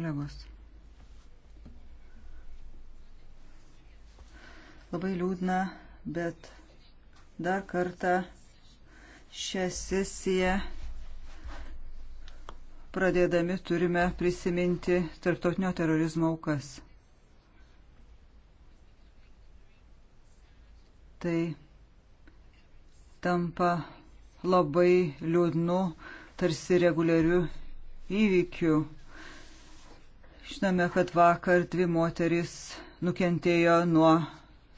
Kolegos. Labai liūdna, bet dar kartą šią sesiją pradėdami turime prisiminti tarptautinio terorizmo aukas. Tai tampa labai liūdnu, tarsi reguliariu įvykiu Žinome, kad vakar dvi moteris nukentėjo nuo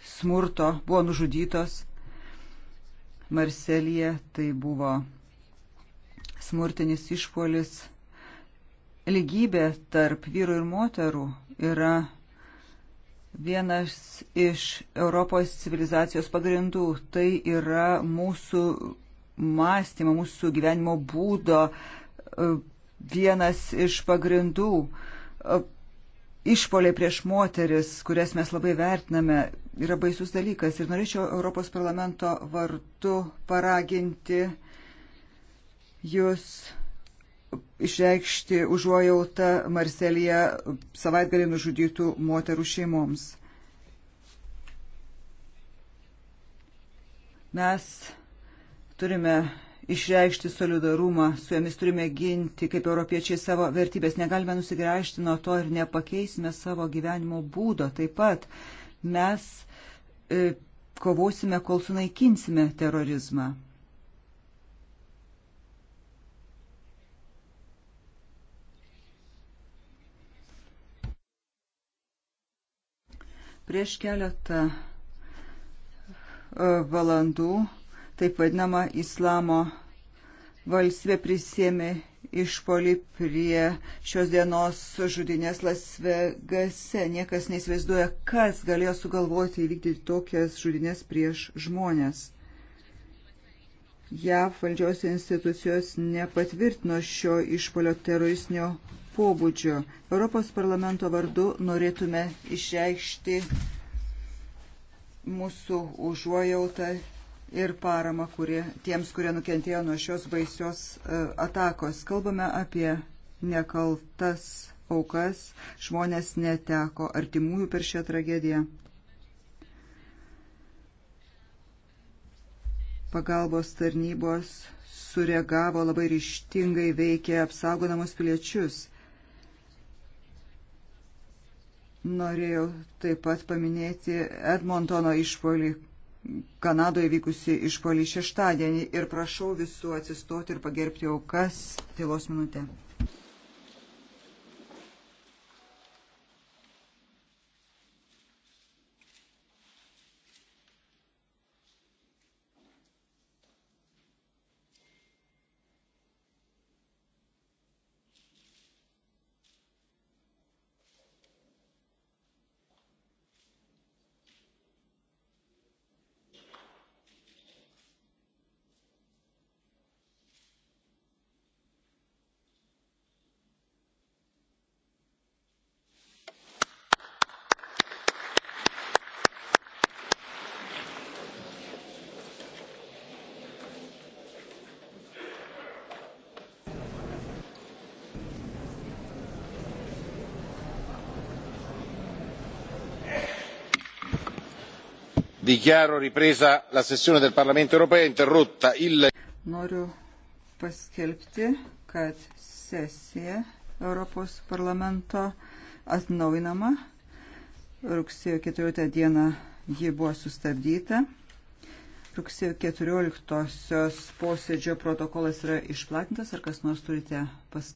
smurto, buvo nužudytos. Marselėje tai buvo smurtinis išpolis. Lygybė tarp vyrų ir moterų yra vienas iš Europos civilizacijos pagrindų. Tai yra mūsų mąstymo, mūsų gyvenimo būdo e, vienas iš pagrindų išpoliai prieš moteris, kurias mes labai vertiname, yra baisus dalykas. Ir norėčiau Europos parlamento vartu paraginti jūs išreikšti užuojautą Marselėje savaitgalį nužudytų moterų šeimoms. Mes turime išreikšti solidarumą, su jomis turime ginti kaip europiečiai savo vertybės, negalime nusigręžti nuo to ir nepakeisime savo gyvenimo būdo. Taip pat mes e, kovosime, kol sunaikinsime terorizmą. Prieš keletą e, valandų taip vadinama islamo valstybė prisėmė išpolį prie šios dienos žudinės Las Vegase. Niekas neįsivaizduoja, kas galėjo sugalvoti įvykdyti tokias žudinės prieš žmonės. JAV valdžios institucijos nepatvirtino šio išpolio teroristinio pobūdžio. Europos parlamento vardu norėtume išreikšti mūsų užuojautą ir paramą kurie, tiems, kurie nukentėjo nuo šios baisios e, atakos. Kalbame apie nekaltas aukas, žmonės neteko artimųjų per šią tragediją. Pagalbos tarnybos sureagavo labai ryštingai veikė apsaugodamus piliečius. Norėjau taip pat paminėti Edmontono išpolį, Kanadoje vykusi išpolį šeštadienį ir prašau visų atsistoti ir pagerbti aukas tylos minutę. dichiaro ripresa la sessione del parlamento europeo interrotta il. noriu paskelbti kad sesija europos parlamento atnaujinama rugsėjo keturioliktą dieną ji buvo sustabdyta rugsėjo keturioliktos posėdžio protokolas yra išplatintas ar kas nors turite pastabų